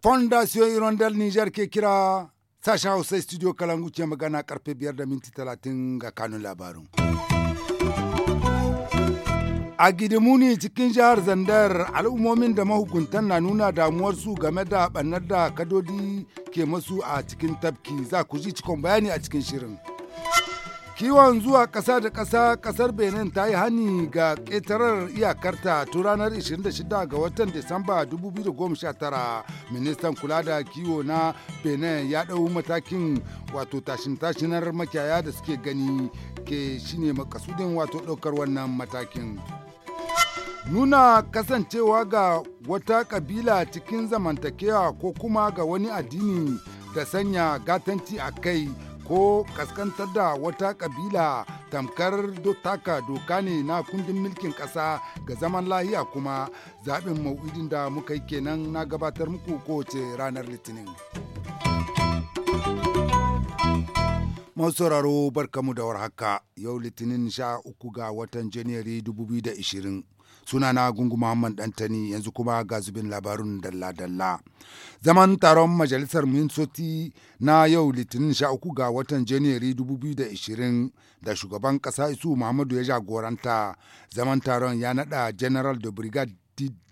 Fondation irondel Niger ke kira sashen Hausa studio Kalangu ce karpe karfe minti talatin ga kanun labarin. A Gidimuni cikin jihar Zandar al'ummomin da mahukuntan na nuna damuwarsu game da ɓannar da kadodi ke masu a cikin tafki za ku ji cikon bayani a cikin shirin. Kiwon zuwa ƙasa da ƙasa ƙasar Benin ta yi hani ga ƙetarar iyakarta tun ranar 26 ga watan Disamba 2019 ministan kula da kiwo na Benin ya ɗau matakin wato tashin-tashinar makiyaya da suke gani ke shine makasudin wato ɗaukar wannan matakin. Nuna kasancewa ga wata kabila cikin zamantakewa ko kuma ga wani addini ta sanya gatanci a kai ko kaskantar da wata kabila tamkar taka doka ne na kundin mulkin ƙasa ga zaman lahiya kuma zaɓin mau'idin da muka yi kenan na gabatar muku kowace ranar litinin. sauraro barkamu da warhaka yau litinin sha uku ga watan janairu 2020 sunana gungu muhammad dantani yanzu kuma ga zubin labarun dalla-dalla zaman taron majalisar minsoti na yau litinin 13 ga watan janairu 2020 da da shugaban kasa isu muhammadu ya jagoranta zaman taron ya nada general da brigade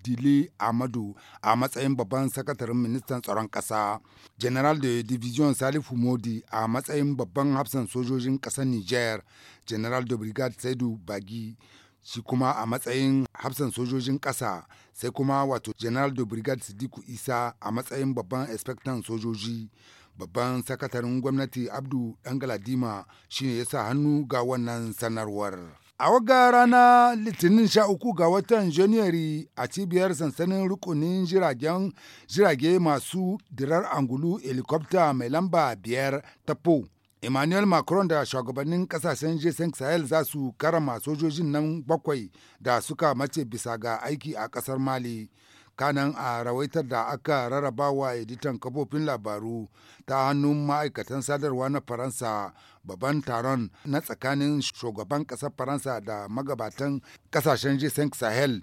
Dile Amadu a matsayin babban sakataren ministan tsaron kasa General de Division Salifu Modi a matsayin babban hafsan sojojin ƙasar Niger, General de Brigade Saidu Bagi shi kuma a matsayin hafsan sojojin ƙasa sai kuma wato general de brigade sidiku isa a matsayin babban inspector sojoji babban sakataren gwamnati abdu dangaladima shine ya sa hannu ga wannan sanarwar a waga rana litinin sha uku ga watan janairu a cibiyar sansanin rukunin jiragen jirage masu dirar angulu helicopter mai lamba biyar ta po emmanuel macron da shugabannin kasashen jason sahel za su karama sojojin nan bakwai da suka mace bisa ga aiki a kasar mali kanan a rawaitar da aka raraba wa editan kafofin labaru ta hannun ma'aikatan sadarwa na faransa babban taron na tsakanin shugaban kasar faransa da magabatan kasashen jason sahel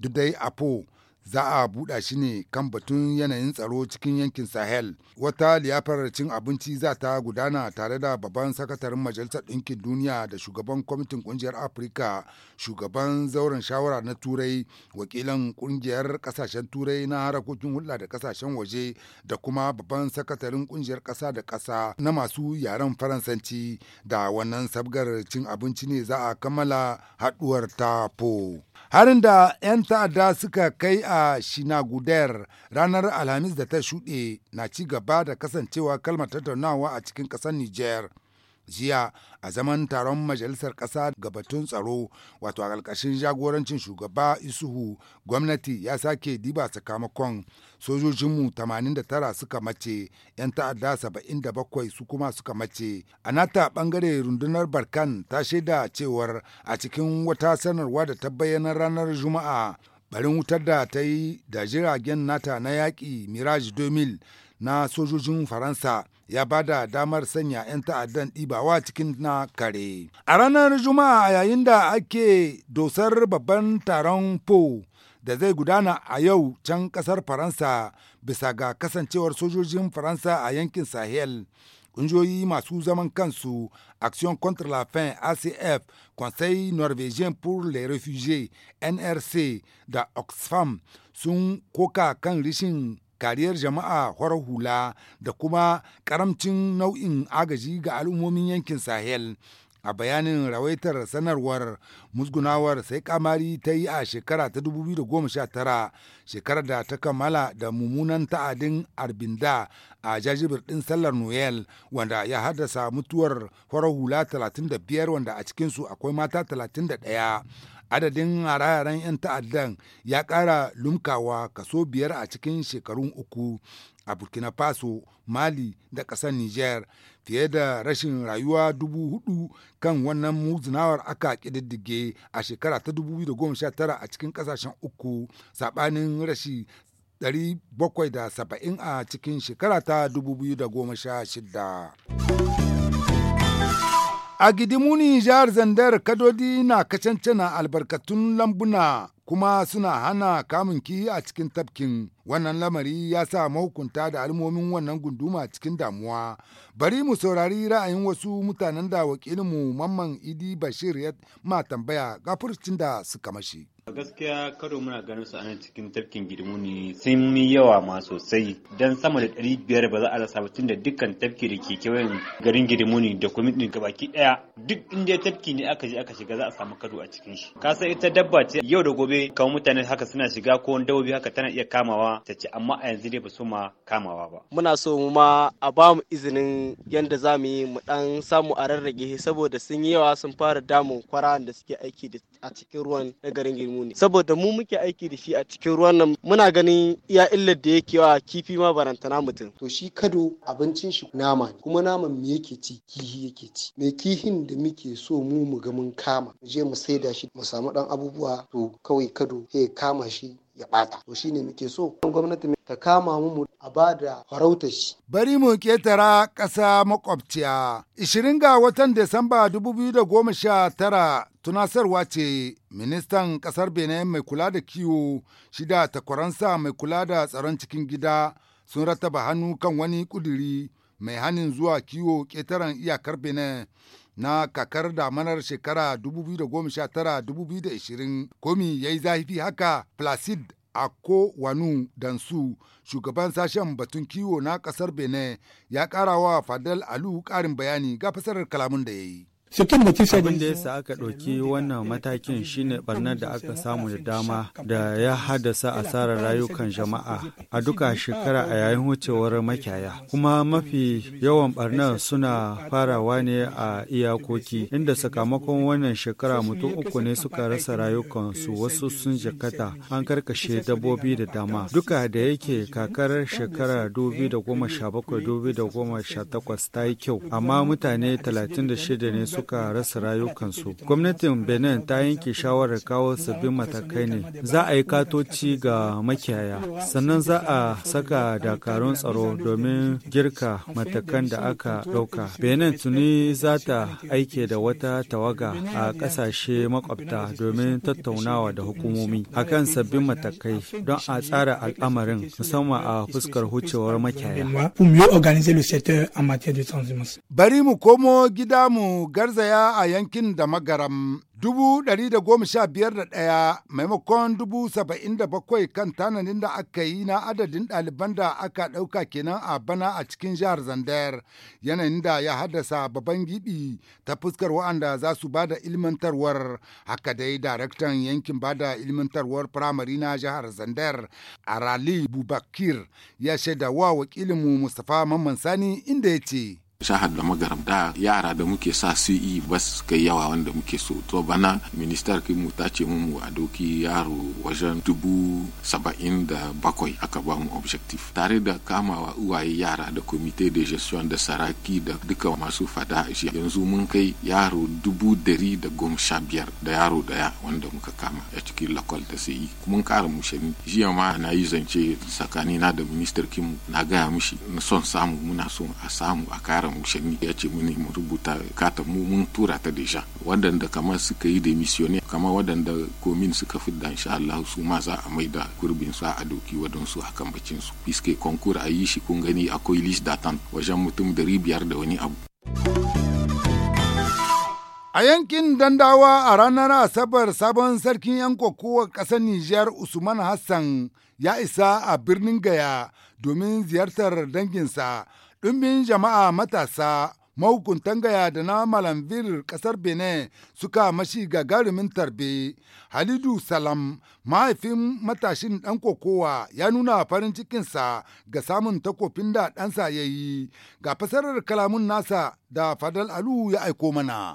dudai apo za a buɗa shi ne kan batun yanayin tsaro cikin yankin sahel wata liyafar cin abinci za ta gudana tare da babban sakataren majalisar ɗinkin duniya da shugaban kwamitin ƙungiyar afirka shugaban zauren shawara na turai wakilan ƙungiyar ƙasashen turai na harakokin hulɗa da ƙasashen waje da kuma babban sakataren ƙungiyar ƙasa da ƙasa na masu yaren faransanci da wannan sabgar cin abinci ne za a kammala haɗuwar ta po harin da 'yan ta'adda suka kai a a Shinaguder ranar Alhamis da ta shuɗe na ci gaba da kasancewa kalmar tattaunawa a cikin ƙasar Nijar. Jiya a zaman taron Majalisar Ƙasa ga batun tsaro wato a ƙarƙashin jagorancin shugaba Isuhu gwamnati ya sake diba sakamakon sojojinmu 89 suka mace 'yan ta'adda 77 su kuma suka mace. A nata ɓangare rundunar Barkan ta shaida cewar a cikin wata sanarwa da ta bayyana ranar Juma'a barin wutar da ta yi da jiragen nata na yaƙi mirage 2000 na sojojin faransa ya ba da damar sanya 'yan ta'addan ɗibawa cikin na kare a ranar juma'a yayin da ake dosar babban taron po da zai gudana a yau can kasar faransa bisa ga kasancewar sojojin faransa a yankin sahel kungiyoyi masu zaman kansu Action contre la faim ACF, Conseil norvégien pour les réfugiés NRC da Oxfam sun koka kan rishin kariyar jama'a horar hula da kuma karamcin nau'in agaji ga al'ummomin yankin Sahel. a bayanin rawaitar sanarwar musgunawar sai kamari ta yi a shekara ta 2019 shekarar da ta kammala da mummunan ta'adin arbinda a jajibir din sallar noel wanda ya haddasa mutuwar farar hula 35 wanda a cikinsu akwai mata 31 adadin hare 'yan ta'addan ya ƙara lumkawa kaso biyar a cikin shekarun uku a burkina faso mali da ƙasar niger fiye da rashin rayuwa dubu hudu kan wannan muzunawar aka ƙididdige a shekara ta 2019 a cikin ƙasashen uku saɓanin rashi 770 a cikin shekara ta 2016 A Gidimuni jihar Zandar kadodi na kacancana albarkatun lambuna kuma suna hana kamun kiyi a cikin tafkin. Wannan lamari ya sa mahukunta da almomin wannan gunduma cikin damuwa. Bari mu saurari ra'ayin wasu mutanen da wakilinmu Mamman Idi Bashir ya ma tambaya ga da suka mashi. A gaskiya karo muna ganin su anan cikin tafkin girmu ne sun yi yawa ma sosai dan sama da ɗari biyar ba za a rasa tun da dukkan tafki da ke kewayen garin girmu ne da kuma ɗin gabaki ɗaya duk inda tafki ne aka je aka shiga za a samu karo a cikin shi. Ka san ita dabba ce yau da gobe kawo mutane haka suna shiga ko wani dabbobi haka tana iya kamawa ta ce amma a yanzu dai ba su ma kamawa ba. Muna so mu ma a ba mu izinin yadda za mu yi mu ɗan samu a rarrage saboda sun yi yawa sun fara damun kwara da suke aiki da a cikin ruwan na garin girmu ne saboda mu muke aiki da shi a cikin ruwan nan muna ganin iya illar da yake wa kifi ma barantana mutum to shi kado abincin shi nama ne kuma naman me yake ci kihi yake ci me kihin da muke so mu mu ga mun kama mu je mu saida shi mu samu dan abubuwa to kawai kado sai kama shi ya bata to shine muke so gwamnati ta kama mu a ba da farauta shi bari mu ketara ƙasa makwabciya 20 ga watan Desamba 2019 tunasarwa ce ministan ƙasar Benin mai kula da kiwo shida takwaransa mai kula da tsaron cikin gida sun rataba hannu kan wani kuduri mai hannun zuwa kiwo ƙetaren iyakar Benin na kakar damanar shekara 2019-2020 komi ya yi zafi haka placid Ako Wanu Dansu, shugaban sashen batun kiwo na kasar Benin, ya ƙara wa Fadel Alu karin bayani ga fasarar kalamun da ya yi. abin da yasa aka ɗauki wannan matakin shine barnar da aka samu da dama da ya haddasa asarar rayukan jama'a a duka shekara a yayin wucewar makiyaya kuma mafi yawan barnar suna farawa ne a iyakoki inda sakamakon wannan shekara mutum uku ne suka rasa rayukansu wasu sun jakata an karkashe dabbobi da dama duka da yake kakar shekara 2017-2018 ta yi kyau amma mutane 36 ne suka suka rasa rayukansu. Gwamnatin Benin ta yanke shawarar kawo sabbin matakai ne. Za a yi katoci ga makiyaya, sannan za a saka dakarun tsaro domin girka matakan da aka ɗauka. Benin tuni za ta aike da wata tawaga a ƙasashe makwabta domin tattaunawa da hukumomi akan sabbin matakai don a tsara al'amarin musamman a fuskar hucewar makiyaya. Bari mu komo gida mu garza garzaya a yankin da magaram. Dubu ɗari da goma sha biyar da ɗaya maimakon dubu saba'in da bakwai kan tananin da aka yi na adadin ɗaliban da aka ɗauka kenan a bana a cikin jihar Zandar yanayin da ya haddasa babban giɓi ta fuskar wa'anda za su ba da ilmantarwar haka dai daraktan yankin ba da ilmantarwar firamare na jihar Zandar Arali Bubakir ya shaida wa wakilinmu Mustapha Mamman Sani inda ya ce. jihar da magaramta yara da muke sa su yi e bas kai yawa wanda muke so to bana ministar kimu ta ce mu a doki yaro wajen dubu saba'in da bakwai aka ba mu objective tare da kamawa uwaye yara da komite de gestion da saraki da duka masu fada shi yanzu mun kai yaro dubu dari da goma sha biyar da yaro daya wanda muka kama a cikin lakwal da sai yi e. mun kara mushani jiya ma na yi zance tsakanina da ministar kimu na gaya mishi son samu muna so a samu a kara yaron shani ya ce mini mu rubuta kata mu mun tura ta deja wadanda kamar suka yi demisione kamar waɗanda komin suka fi da insha Allah su ma za a maida gurbin su a doki wadansu a akan bakin su iske konkur a yi shi kun gani akwai list datan wajen mutum dari biyar da wani abu. A yankin Dandawa a ranar Asabar sabon sarkin 'yan kokowa ƙasar Nijar Usman Hassan ya isa a birnin Gaya domin ziyartar danginsa ɗumbin jama'a matasa mahukuntan gaya da na malamvir ƙasar benin suka mashi gagarumin tarbe halidu salam mahaifin matashin dan kokowa ya nuna farin cikinsa ga samun takofin da ɗansa ya yi ga fasarar kalamun nasa da fadal alu ya aiko mana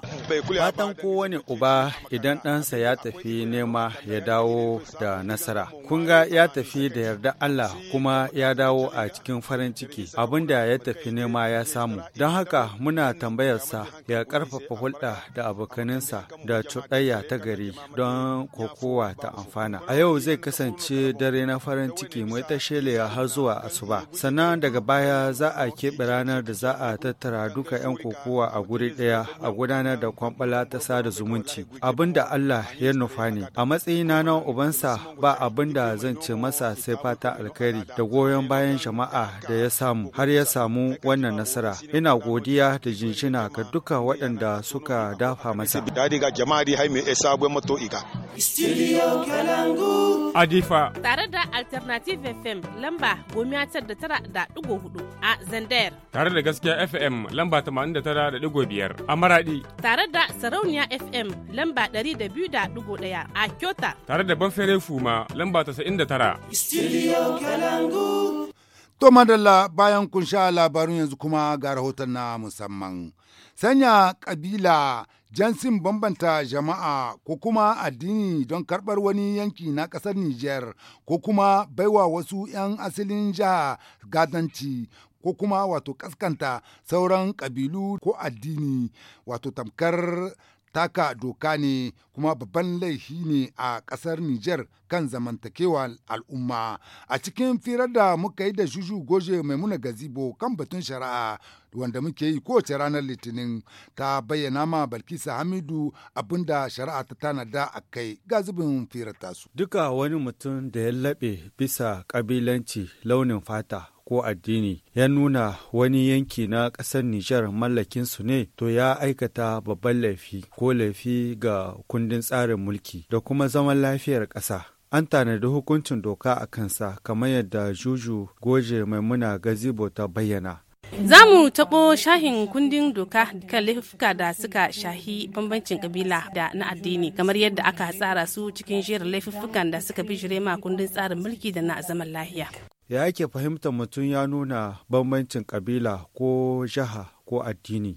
fatan kowane uba idan ɗansa ya tafi nema ya dawo da nasara kun ga ya tafi da yarda allah kuma ya dawo a cikin farin ciki abin da ya tafi nema ya samu don haka muna tambayarsa ya ƙarfafa hulɗa da abokaninsa da cuɗayya ta gari don kokowa ta amfana. A yau zai kasance dare na farin ciki mai ta shelewa har zuwa asuba. Sannan daga baya za a keɓe ranar da za a tattara duka 'yan kokowa a guri ɗaya a gudanar da kwamfala ta sada zumunci. Abinda Allah ya nufa ne. A matsayina na ubansa ba abinda zan ce masa sai fata alkhairi da goyon bayan jama'a da ya samu har ya samu wannan nasara. Ina godiya da jinjina ga duka waɗanda suka dafa masa. kadiga jama'ari hai mai sabwe mato iga Studio Kalangu. Adifa. Tare da Alternative FM lamba gomiya tar da tara da ɗigo hudu a Zandayar. Tare da gaskiya FM lamba tamanin da tara da ɗigo biyar a Maradi. Tare da Sarauniya FM lamba ɗari da biyu da ɗigo ɗaya a Kyota. Tare da Banfere Fuma lamba tasa'in da tara. Studio Kalangu. To madalla bayan kun sha labarun yanzu kuma ga rahoton na musamman. Sanya kabila jansin bambanta jama'a ko kuma addini don karɓar wani yanki na ƙasar Nijar ko kuma baiwa wasu 'yan asalin jiha gadanci ko kuma wato kaskanta sauran ƙabilu ko addini wato tamkar taka doka ne kuma babban laifi ne a ƙasar Nijar kan zamantakewa al'umma. A cikin firar da muka yi da Juju Goje Maimuna Gazibo kan batun shari'a wanda muke yi kowace ranar Litinin ta bayyana ma Balkisa Hamidu abinda shari'a ta tanada a kai ga zubin firar tasu. Duka wani mutum da ya laɓe bisa ƙabilanci launin fata ko addini ya nuna wani yanki na ƙasar Nijar mallakinsu ne to ya aikata babban laifi ko laifi ga kundin tsarin mulki da kuma zaman lafiyar ƙasa. an tanadi hukuncin doka a kansa kamar yadda juju goje maimuna gazibo ta bayyana Za mu taɓo shahin kundin doka kan laifuka da suka shahi bambancin kabila da na addini kamar yadda aka tsara su cikin jerin laifukan da suka bi jirema kundin tsarin mulki da na zaman lahiya. ya ake fahimtar mutum ya nuna bambancin kabila ko jiha ko addini.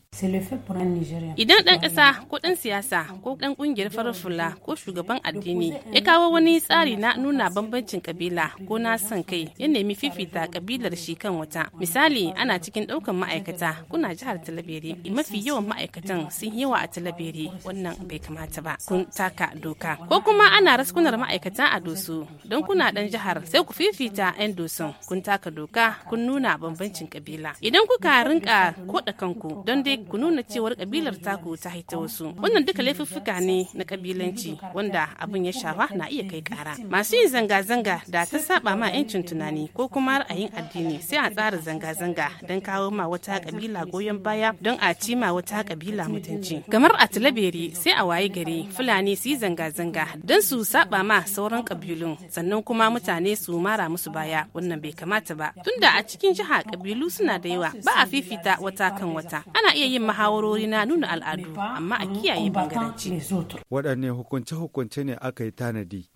Idan ɗan ƙasa ko ɗan siyasa ko ɗan ƙungiyar farar fula ko shugaban addini ya kawo wani tsari na nuna bambancin kabila ko na son kai ya nemi fifita kabilar shi kan wata. Misali ana cikin ɗaukan ma'aikata kuna jihar Talabere mafi yawan ma'aikatan sun yawa a Talabere wannan bai kamata ba kun taka doka. Ko kuma ana raskunar ma'aikata a dosu don kuna ɗan jihar sai ku fifita 'yan dosun kun taka doka kun nuna bambancin kabila. Idan kuka rinka ko kanku don dai ku nuna cewar kabilar taku ta haita wasu wannan duka laifuffuka ne na kabilanci wanda abin ya shafa na iya kai kara masu yin zanga-zanga da ta saba ma yancin tunani ko kuma ra'ayin addini sai a tsara zanga-zanga don kawo ma wata kabila goyon baya don a ci ma wata kabila mutunci kamar a talabere sai a waye gari fulani su yi zanga-zanga don su saba ma sauran kabilun sannan kuma mutane su mara musu baya wannan bai kamata ba tunda a cikin jiha kabilu suna da yawa ba a fifita wata kan wata ana iya yin muhawarori na nuna al'adu amma a kiyaye bangaranci waɗanne hukunce-hukunce ne aka yi tanadi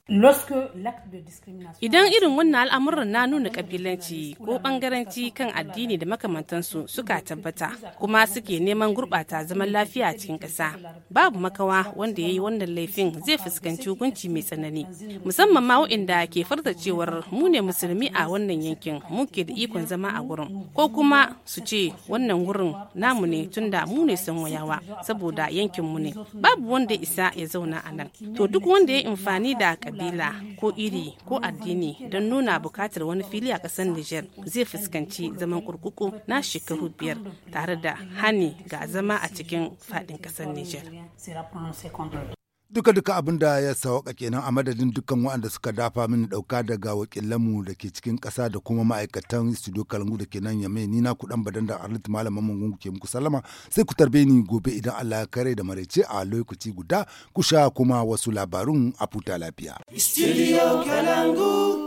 Idan irin wannan al'amuran na nuna kabilanci ko bangaranci kan addini da makamantansu suka tabbata kuma suke neman gurbata zaman lafiya cikin ƙasa. Babu makawa wanda ya yi wannan laifin zai fuskanci hukunci mai tsanani. Musamman ma waɗanda ke farta cewar mu ne musulmi a wannan yankin muke da ikon zama a wurin Ko kuma su ce wannan gurin namu ne tunda mu ne sun wayawa saboda yankin mu ne. Babu wanda isa ya zauna a nan. To duk wanda ya yi amfani da kabila ko iri ko addini don nuna bukatar wani fili a ƙasar Nijar zai fuskanci zaman kurkuku na shekaru biyar tare da hani ga zama a cikin faɗin ƙasar Nijar. duka duka abin da ya sawaka kenan a madadin dukkan waɗanda suka dafa mini ɗauka daga wakilanmu da ke cikin ƙasa da kuma ma'aikatan studio kalangu da ke nan ya ni na kuɗan badan da arlit malam mungun ke muku sallama sai ku tarbe ni gobe idan allah ya kare da maraice a lokaci guda ku sha kuma wasu labarun a futa lafiya. studio kalangu.